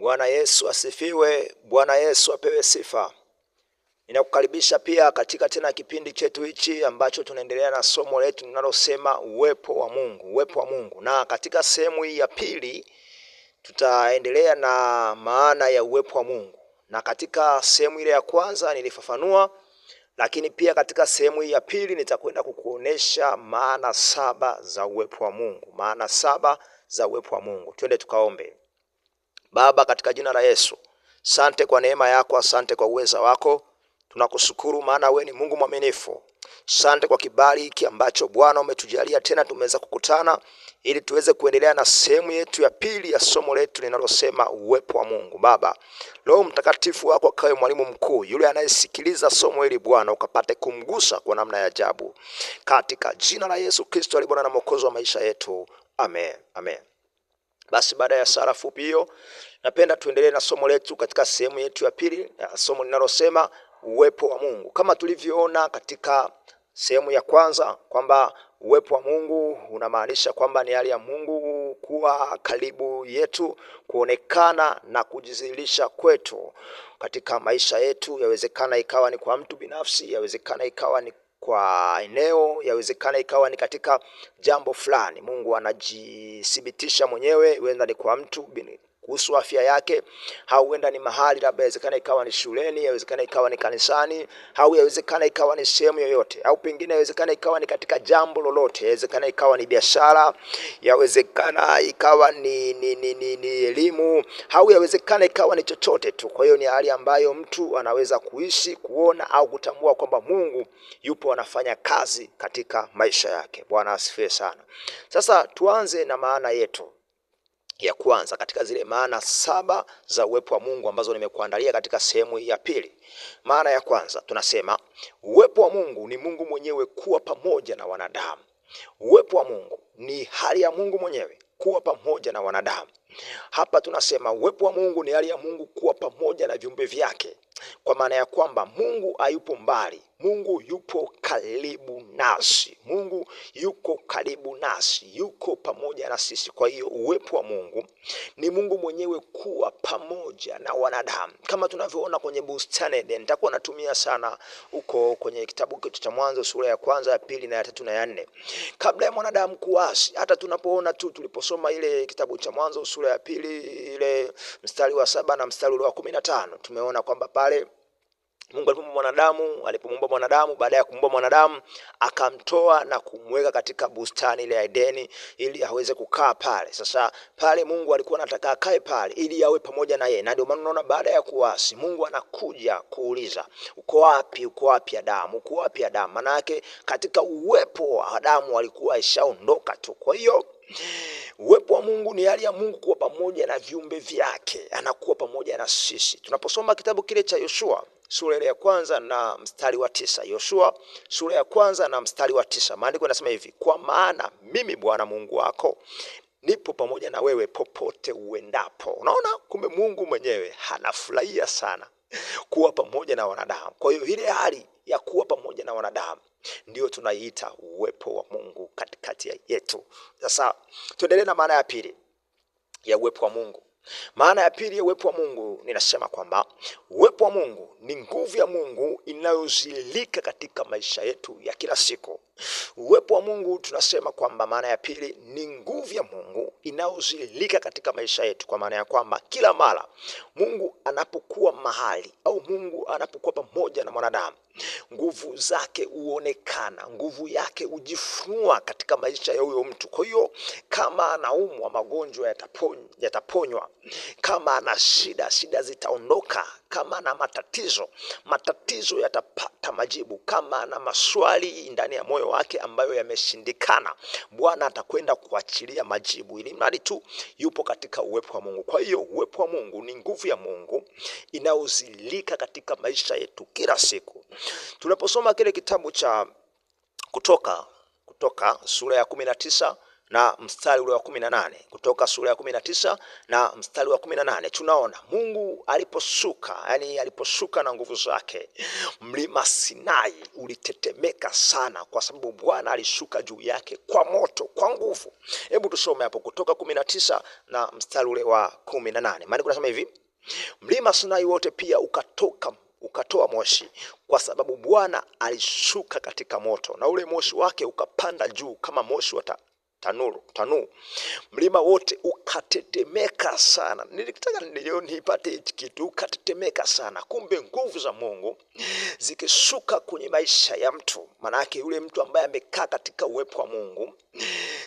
Bwana Yesu asifiwe. Bwana Yesu apewe sifa. Ninakukaribisha pia katika tena kipindi chetu hichi ambacho tunaendelea na somo letu linalosema uwepo wa Mungu, uwepo wa Mungu. Na katika sehemu hii ya pili tutaendelea na maana ya uwepo wa Mungu, na katika sehemu ile ya kwanza nilifafanua, lakini pia katika sehemu hii ya pili nitakwenda kukuonesha maana saba za uwepo wa Mungu, maana saba za uwepo wa Mungu. Twende tukaombe. Baba, katika jina la Yesu, sante kwa neema yako, asante kwa uweza wako, tunakushukuru maana we ni Mungu mwaminifu. Sante kwa kibali hiki ambacho Bwana umetujalia tena tumeweza kukutana ili tuweze kuendelea na sehemu yetu ya pili ya somo letu linalosema uwepo wa Mungu. Baba, Roho Mtakatifu wako akawe mwalimu mkuu, yule anayesikiliza somo hili Bwana ukapate kumgusa kwa namna ya ajabu, katika jina la Yesu Kristo aliye Bwana na Mwokozi wa maisha yetu, amen, amen. Basi baada ya sala fupi hiyo, napenda tuendelee na somo letu katika sehemu yetu ya pili, somo linalosema uwepo wa Mungu. Kama tulivyoona katika sehemu ya kwanza kwamba uwepo wa Mungu unamaanisha kwamba ni hali ya Mungu kuwa karibu yetu, kuonekana na kujidhihirisha kwetu katika maisha yetu. Yawezekana ikawa ni kwa mtu binafsi, yawezekana ikawa ni kwa eneo, yawezekana ikawa ni katika jambo fulani. Mungu anajithibitisha mwenyewe, huenda ni kwa mtu kuhusu afya yake, au huenda ni mahali labda, yawezekana ikawa ni shuleni, yawezekana ikawa ni kanisani, au yawezekana ikawa ni sehemu yoyote, au pengine yawezekana ikawa ni katika jambo lolote, yawezekana ikawa ni biashara, yawezekana ikawa ni ni, ni, ni, ni elimu, au yawezekana ikawa ni chochote tu. Kwa hiyo ni hali ambayo mtu anaweza kuishi, kuona au kutambua kwamba Mungu yupo anafanya kazi katika maisha yake. Bwana asifiwe sana. Sasa tuanze na maana yetu ya kwanza katika zile maana saba za uwepo wa Mungu ambazo nimekuandalia katika sehemu ya pili. Maana ya kwanza tunasema uwepo wa Mungu ni Mungu mwenyewe kuwa pamoja na wanadamu. Uwepo wa Mungu ni hali ya Mungu mwenyewe kuwa pamoja na wanadamu. Hapa tunasema uwepo wa Mungu ni hali ya Mungu kuwa pamoja na viumbe vyake, kwa maana ya kwamba Mungu hayupo mbali. Mungu yupo karibu nasi, Mungu yuko karibu nasi, yuko pamoja na sisi. Kwa hiyo uwepo wa Mungu ni Mungu mwenyewe kuwa pamoja na wanadamu, kama tunavyoona kwenye bustani Eden. Nitakuwa natumia sana huko kwenye kitabu kitu cha Mwanzo sura ya kwanza, ya pili na ya tatu na ya nne, kabla ya mwanadamu kuasi. Hata tunapoona tu tuliposoma ile kitabu cha Mwanzo sura sura ya pili ile mstari wa saba na mstari ule wa kumi na tano tumeona kwamba pale Mungu alipomuumba mwanadamu, alipomuumba mwanadamu, baada ya kumuumba mwanadamu akamtoa na kumweka katika bustani ile ya Edeni ili aweze kukaa pale. Sasa pale Mungu alikuwa anataka akae pale ili awe pamoja na yeye, na ndio maana unaona baada ya kuasi Mungu anakuja kuuliza, uko wapi? Uko wapi Adamu? Uko wapi Adamu? Maana yake katika uwepo wa Adamu alikuwa ishaondoka tu, kwa hiyo Uwepo wa Mungu ni hali ya Mungu kuwa pamoja na viumbe vyake, anakuwa pamoja na sisi. Tunaposoma kitabu kile cha Yoshua sura ya kwanza na mstari wa tisa Yoshua sura ya kwanza na mstari wa tisa maandiko yanasema hivi: kwa maana mimi Bwana Mungu wako nipo pamoja na wewe popote uendapo. Unaona, kumbe Mungu mwenyewe anafurahia sana kuwa pamoja na wanadamu. Kwa hiyo ile hali ya kuwa pamoja na wanadamu ndiyo tunaiita uwepo wa Mungu katika kati yetu. Sasa tuendelee na maana ya pili ya uwepo wa Mungu. Maana ya pili ya uwepo wa Mungu ninasema kwamba Uwepo wa Mungu ni nguvu ya Mungu inayozilika katika maisha yetu ya kila siku. Uwepo wa Mungu tunasema kwamba maana ya pili ni nguvu ya Mungu inayozilika katika maisha yetu, kwa maana ya kwamba kila mara Mungu anapokuwa mahali au Mungu anapokuwa pamoja na mwanadamu, nguvu zake huonekana, nguvu yake hujifunua katika maisha ya huyo mtu. Kwa hiyo kama anaumwa, magonjwa yataponywa, kama ana shida, shida zitaondoka, kama na matatizo, matatizo yatapata majibu. Kama ana maswali ndani ya moyo wake ambayo yameshindikana, Bwana atakwenda kuachilia majibu, ili mradi tu yupo katika uwepo wa Mungu. Kwa hiyo uwepo wa Mungu ni nguvu ya Mungu inayozilika katika maisha yetu kila siku. Tunaposoma kile kitabu cha Kutoka, Kutoka sura ya kumi na tisa na mstari ule wa kumi na nane kutoka sura ya kumi na tisa na mstari wa kumi na nane tunaona Mungu aliposhuka, yani aliposhuka na nguvu zake, mlima Sinai ulitetemeka sana, kwa sababu Bwana alishuka juu yake kwa moto, kwa nguvu. Hebu tusome hapo Kutoka kumi na tisa na mstari ule wa kumi na nane maana kunasema hivi, mlima Sinai wote pia ukatoka ukatoa moshi kwa sababu Bwana alishuka katika moto, na ule moshi wake ukapanda juu kama moshi wa tanuru tanu mlima wote ukatetemeka sana. Nilitaka nilio nipate hichi kitu, ukatetemeka sana. Kumbe nguvu za Mungu zikishuka kwenye maisha ya mtu, yake yule mtu ambaye amekaa katika uwepo wa Mungu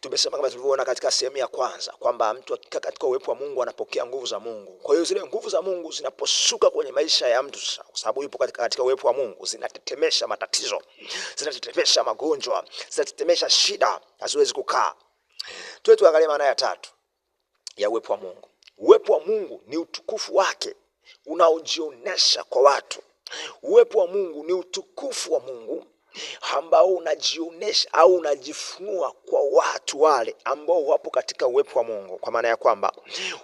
Tumesema kama tulivyoona katika sehemu ya kwanza kwamba mtu akikaa katika uwepo wa Mungu anapokea nguvu za Mungu. Kwa hiyo zile nguvu za Mungu zinaposhuka kwenye maisha ya mtu sasa, kwa sababu yupo katika, katika uwepo wa Mungu, zinatetemesha matatizo, zinatetemesha magonjwa, zinatetemesha shida, haziwezi kukaa. Tuwe tuangalie maana ya tatu ya uwepo wa Mungu. Uwepo wa Mungu ni utukufu wake unaojionyesha kwa watu. Uwepo wa Mungu ni utukufu wa Mungu ambao unajionyesha au unajifunua kwa watu wale ambao wapo katika uwepo wa Mungu, kwa maana ya kwamba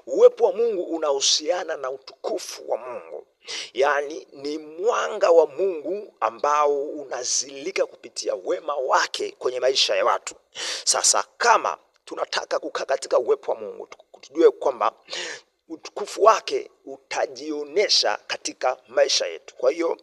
uwepo wa Mungu unahusiana na utukufu wa Mungu. Yaani ni mwanga wa Mungu ambao unazilika kupitia wema wake kwenye maisha ya watu. Sasa kama tunataka kukaa katika uwepo wa Mungu, tujue kwamba utukufu wake utajionyesha katika maisha yetu. Kwa hiyo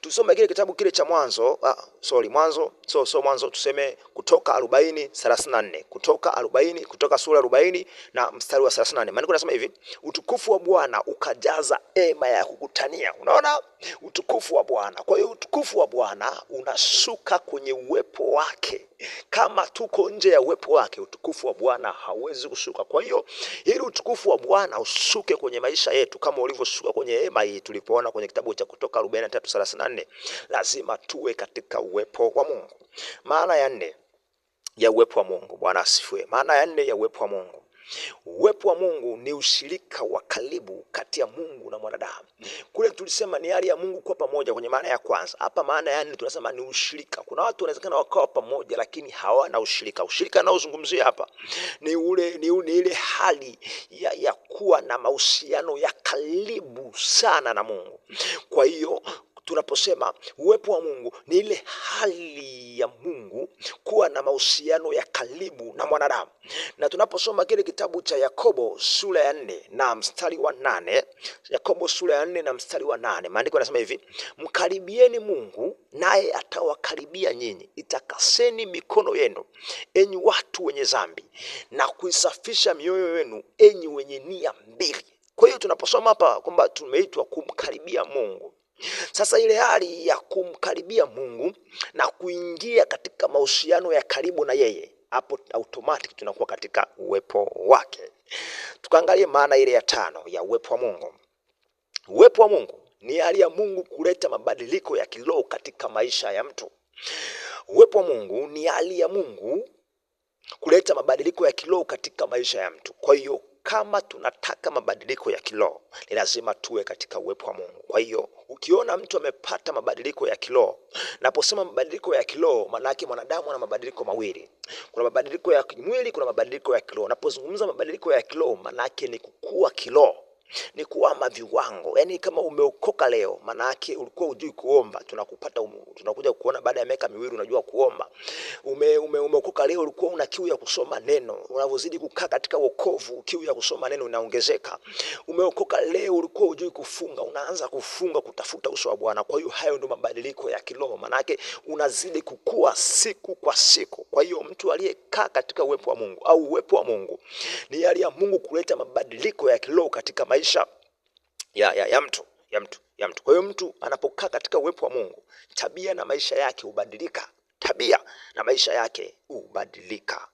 tusome kile kitabu kile cha Mwanzo, ah, sorry, Mwanzo so so Mwanzo, tuseme Kutoka arobaini 34 Kutoka 40 Kutoka sura 40 na mstari wa 34, Maandiko nasema hivi, utukufu wa Bwana ukajaza hema ya kukutania. Unaona utukufu wa Bwana. Kwa hiyo utukufu wa Bwana unashuka kwenye uwepo wake. Kama tuko nje ya uwepo wake, utukufu wa Bwana hauwezi kushuka. Kwa hiyo ili utukufu wa Bwana ushuke kwenye maisha yetu kama ulivyoshuka kwenye hema hii tulipoona kwenye kitabu cha Kutoka 43:34. Lazima tuwe katika uwepo wa Mungu. Maana ya nne ya uwepo wa Mungu. Bwana asifiwe. Maana ya nne ya uwepo wa Mungu Uwepo wa Mungu ni ushirika wa karibu kati ya Mungu na mwanadamu. Kule tulisema ni hali ya Mungu kuwa pamoja kwenye maana ya kwanza, hapa maana ya nne tunasema ni ushirika. Kuna watu wanawezekana wakawa pamoja, lakini hawana ushirika. Ushirika anaozungumzia hapa ni ule ni ile hali ya, ya kuwa na mahusiano ya karibu sana na Mungu. Kwa hiyo tunaposema uwepo wa Mungu ni ile hali ya Mungu, kuwa na mahusiano ya karibu na mwanadamu. Na tunaposoma kile kitabu cha Yakobo sura ya nne na mstari wa nane Yakobo sura ya nne na mstari wa nane maandiko yanasema hivi, mkaribieni Mungu naye atawakaribia nyinyi, itakaseni mikono yenu enyi watu wenye dhambi, na kuisafisha mioyo yenu enyi wenye nia mbili. Kwa hiyo tunaposoma hapa kwamba tumeitwa kumkaribia Mungu sasa ile hali ya kumkaribia Mungu na kuingia katika mahusiano ya karibu na yeye, hapo automatic tunakuwa katika uwepo wake. Tukaangalie maana ile ya tano ya uwepo wa Mungu. Uwepo wa Mungu ni hali ya Mungu kuleta mabadiliko ya kiroho katika maisha ya mtu. Uwepo wa Mungu ni hali ya Mungu kuleta mabadiliko ya kiroho katika maisha ya mtu. Kwa hiyo kama tunataka mabadiliko ya kiroho ni lazima tuwe katika uwepo wa Mungu. Kwa hiyo ukiona mtu amepata mabadiliko ya kiroho, naposema mabadiliko ya kiroho, yake mwanadamu ana mabadiliko mawili, kuna mabadiliko ya kimwili, kuna mabadiliko ya kiroho. Napozungumza mabadiliko ya kiroho, yake ni kukua kiroho ni kuama viwango. Yani kama umeokoka leo, maana yake ulikuwa ujui kuomba, tunakupata umu, tunakuja kuona baada ya miaka miwili unajua kuomba. Ume, ume, umeokoka leo, ulikuwa una kiu ya kusoma neno. Unavyozidi kukaa katika wokovu, kiu ya kusoma neno inaongezeka. Umeokoka leo, ulikuwa ujui kufunga, unaanza kufunga, kutafuta uso wa Bwana. Kwa hiyo hayo ndio mabadiliko ya kiroho, maana yake unazidi kukua siku kwa siku. Kwa hiyo mtu aliyekaa katika uwepo wa Mungu au uwepo wa Mungu ni hali ya Mungu kuleta mabadiliko ya kiroho katika maisha maisha ya, ya, ya mtu ya mtu ya mtu. Kwa hiyo mtu anapokaa katika uwepo wa Mungu, tabia na maisha yake hubadilika, tabia na maisha yake hubadilika.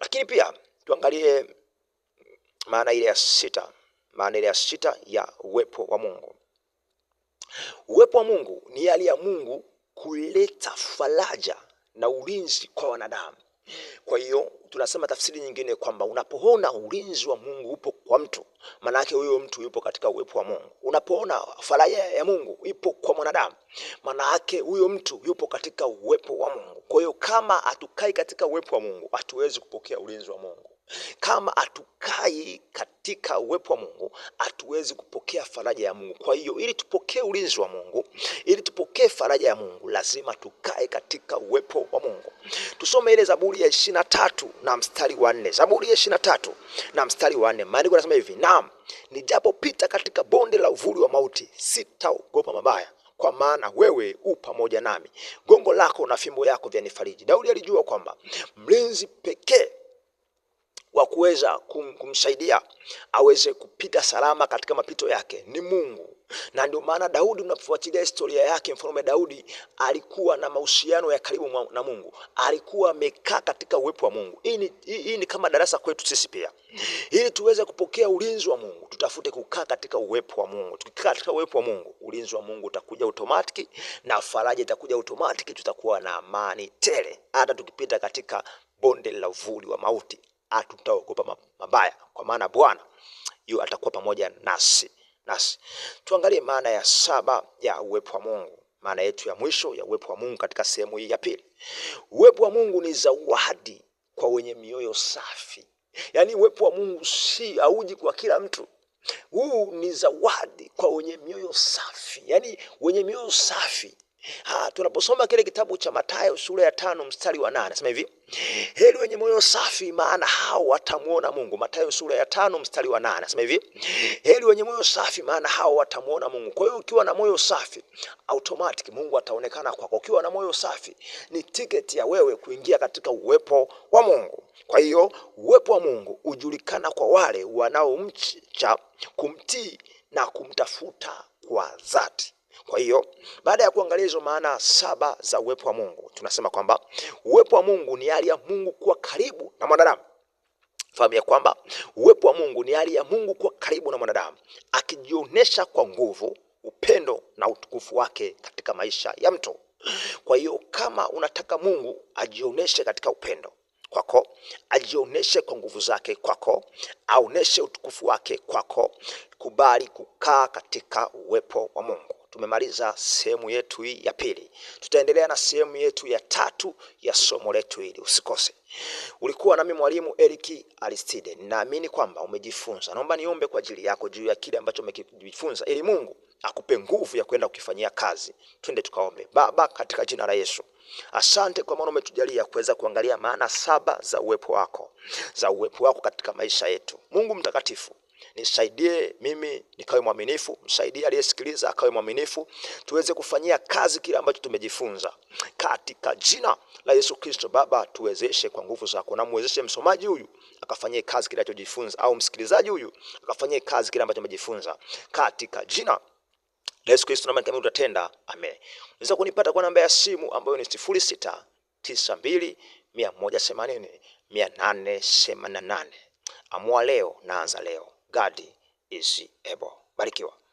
Lakini pia tuangalie maana ile ya sita, maana ile ya sita ya uwepo wa Mungu. Uwepo wa Mungu ni hali ya Mungu kuleta faraja na ulinzi kwa wanadamu. Kwa hiyo tunasema tafsiri nyingine kwamba unapoona ulinzi wa Mungu upo kwa mtu, maana yake huyo mtu yupo katika uwepo wa Mungu. Unapoona faraja ya Mungu ipo kwa mwanadamu, maana yake huyo mtu yupo katika uwepo wa Mungu. Kwa hiyo kama hatukai katika uwepo wa Mungu, hatuwezi kupokea ulinzi wa Mungu. Kama hatukai katika uwepo wa Mungu, hatuwezi kupokea faraja ya Mungu. Kwa hiyo ili tupokee ulinzi wa Mungu, ili tupokee faraja ya Mungu, lazima tukae katika uwepo wa Mungu. Tusome ile Zaburi ya ishirini na tatu na mstari wa nne. Zaburi ya ishirini na tatu na mstari wa nne, maandiko yanasema hivi: naam, nijapopita katika bonde la uvuli wa mauti, sitaogopa mabaya kwa maana wewe u pamoja nami, gongo lako na fimbo yako vyanifariji. Daudi alijua kwamba mlinzi pekee wa kuweza kum, kumsaidia aweze kupita salama katika mapito yake ni Mungu. Na ndio maana Daudi, unapofuatilia historia yake, mfalme Daudi alikuwa na mahusiano ya karibu na Mungu, alikuwa amekaa katika uwepo wa Mungu. Hii ni, hii ni kama darasa kwetu sisi pia, ili tuweze kupokea ulinzi wa Mungu, tutafute kukaa katika uwepo wa Mungu. Tukikaa katika uwepo wa Mungu, ulinzi wa Mungu utakuja automatic na faraja itakuja automatic, tutakuwa na amani tele, hata tukipita katika bonde la uvuli wa mauti hatutaogopa mabaya, kwa maana Bwana yu atakuwa pamoja nasi nasi. Tuangalie maana ya saba ya uwepo wa Mungu, maana yetu ya mwisho ya uwepo wa Mungu katika sehemu hii ya pili. Uwepo wa Mungu ni zawadi kwa wenye mioyo safi, yaani uwepo wa Mungu si auji kwa kila mtu huu ni zawadi kwa wenye mioyo safi, yaani wenye mioyo safi Ha, ah, tunaposoma kile kitabu cha Mathayo sura ya tano mstari wa nane nasema hivi, heri wenye moyo safi, maana hao watamwona Mungu. Mathayo sura ya tano mstari wa nane nasema hivi, heri wenye moyo safi, maana hao watamwona Mungu. Kwa hiyo ukiwa na moyo safi, automatic Mungu ataonekana kwako. Ukiwa na moyo safi, ni tiketi ya wewe kuingia katika uwepo wa Mungu. Kwa hiyo uwepo wa Mungu hujulikana kwa wale wanaomcha, kumtii na kumtafuta kwa dhati. Kwa hiyo baada ya kuangalia hizo maana saba za uwepo wa Mungu, tunasema kwamba uwepo wa Mungu ni hali ya Mungu kuwa karibu na mwanadamu. Fahamu ya kwamba uwepo wa Mungu ni hali ya Mungu kuwa karibu na mwanadamu, akijionyesha kwa nguvu, upendo na utukufu wake katika maisha ya mtu. Kwa hiyo kama unataka Mungu ajionyeshe katika upendo kwako, ajionyeshe kwa nguvu zake kwako, aoneshe utukufu wake kwako, kubali kukaa katika uwepo wa Mungu tumemaliza sehemu yetu hii ya pili. Tutaendelea na sehemu yetu ya tatu ya somo letu hili, usikose. Ulikuwa nami mwalimu Eric Aristide. naamini kwamba umejifunza. Naomba niombe kwa ajili yako juu ya kile ambacho umekijifunza, ili Mungu akupe nguvu ya kwenda kukifanyia kazi. Twende tukaombe. Baba, katika jina la Yesu, Asante kwa maana umetujalia kuweza kuangalia maana saba za uwepo wako za uwepo wako katika maisha yetu. Mungu mtakatifu, nisaidie mimi nikawe mwaminifu, msaidie aliyesikiliza akawe mwaminifu, tuweze kufanyia kazi kile ambacho tumejifunza katika jina la Yesu Kristo. Baba, tuwezeshe kwa nguvu zako, na muwezeshe msomaji huyu akafanyie kazi kile alichojifunza, au msikilizaji huyu akafanyie kazi kile ambacho amejifunza katika jina la Yesu Kristo, na kama utatenda amen. Unaweza kunipata kwa namba ya simu ambayo ni sifuri sita tisa mbili mia moja themanini mia nane themanini na nane. Amua leo, naanza leo. God is able. Barikiwa.